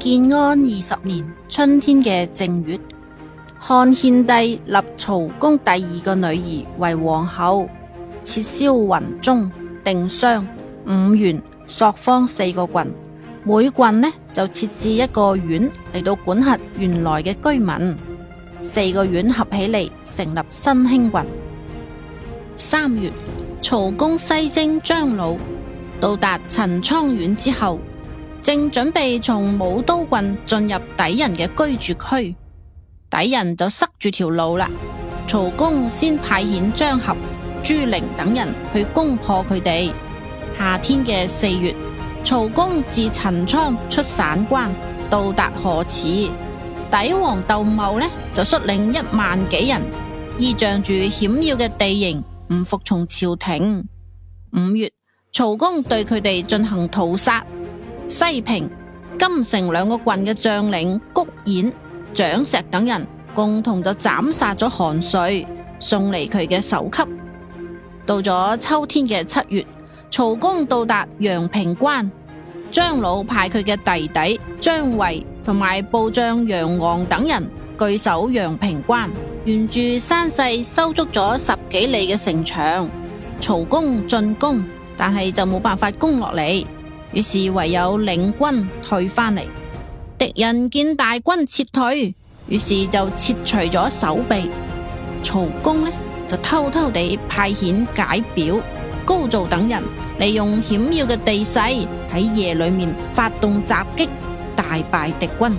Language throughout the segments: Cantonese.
建安二十年春天嘅正月，漢獻帝立曹公第二個女兒為皇后，撤銷雲中、定襄、五原、朔方四個郡，每郡呢就設置一個縣嚟到管轄原來嘅居民，四個縣合起嚟成立新興郡。三月，曹公西征張魯，到達陳倉縣之後。正準備從武都郡進入底人嘅居住區，底人就塞住條路啦。曹公先派遣張合、朱靈等人去攻破佢哋。夏天嘅四月，曹公自陳倉出散關，到達河池。底王竇茂呢就率領一萬幾人依仗住險要嘅地形，唔服從朝廷。五月，曹公對佢哋進行屠殺。西平、金城兩個郡嘅將領谷演、蔣石等人，共同就斬殺咗韓遂，送嚟佢嘅首級。到咗秋天嘅七月，曹公到達陽平關，張魯派佢嘅弟弟張衛同埋部將楊昂等人據守陽平關，沿住山勢修築咗十幾里嘅城牆。曹公進攻，但係就冇辦法攻落嚟。於是唯有領軍退翻嚟，敵人見大軍撤退，於是就撤除咗守備。曹公呢就偷偷地派遣解表、高造等人，利用險要嘅地勢喺夜裏面發動襲擊，大敗敵軍，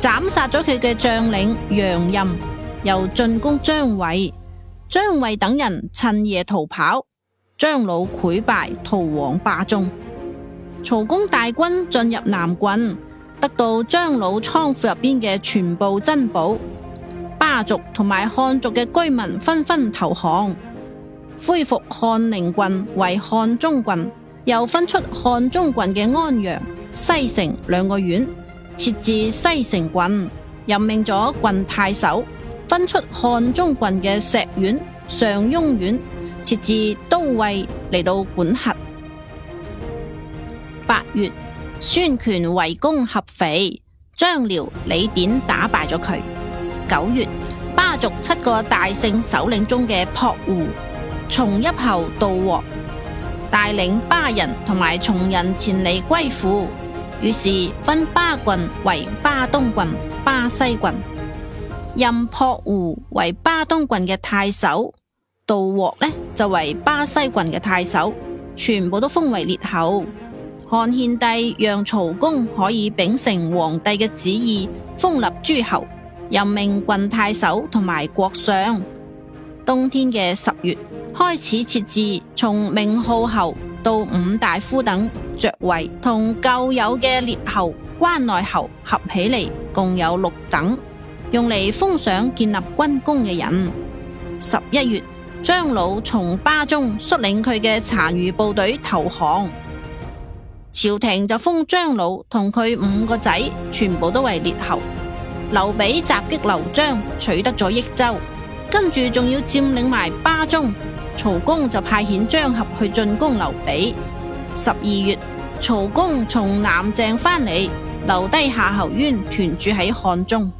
斬殺咗佢嘅將領楊任，又進攻張衛，張衛等人趁夜逃跑，張魯潰敗逃往巴中。曹公大軍進入南郡，得到張魯倉庫入邊嘅全部珍寶，巴族同埋漢族嘅居民紛紛投降。恢復漢寧郡為漢中郡，又分出漢中郡嘅安陽、西城兩個縣，設置西城郡，任命咗郡太守。分出漢中郡嘅石縣、上庸縣，設置都尉嚟到管轄。八月，孫權圍攻合肥，張遼、李典打敗咗佢。九月，巴族七個大姓首領中嘅朴胡賨邑侯杜濩帶領巴人同埋從人前嚟歸附，於是分巴郡為巴東郡、巴西郡，任朴胡為巴東郡嘅太守，杜濩呢，就為巴西郡嘅太守，全部都封為列侯。漢獻帝讓曹公可以秉承皇帝嘅旨意封立諸侯，任命郡太守同埋國相。冬天嘅十月開始設置，從名號侯到五大夫等爵位，同舊有嘅列侯、關內侯合起嚟，共有六等，用嚟封賞建立軍功嘅人。十一月，張魯從巴中率領佢嘅殘餘部隊投降。朝廷就封張魯同佢五個仔全部都為列侯。劉備襲擊劉璋，取得咗益州，跟住仲要佔領埋巴中。曹公就派遣張合去進攻劉備。十二月，曹公從南鄭翻嚟，留低夏侯淵屯駐喺漢中。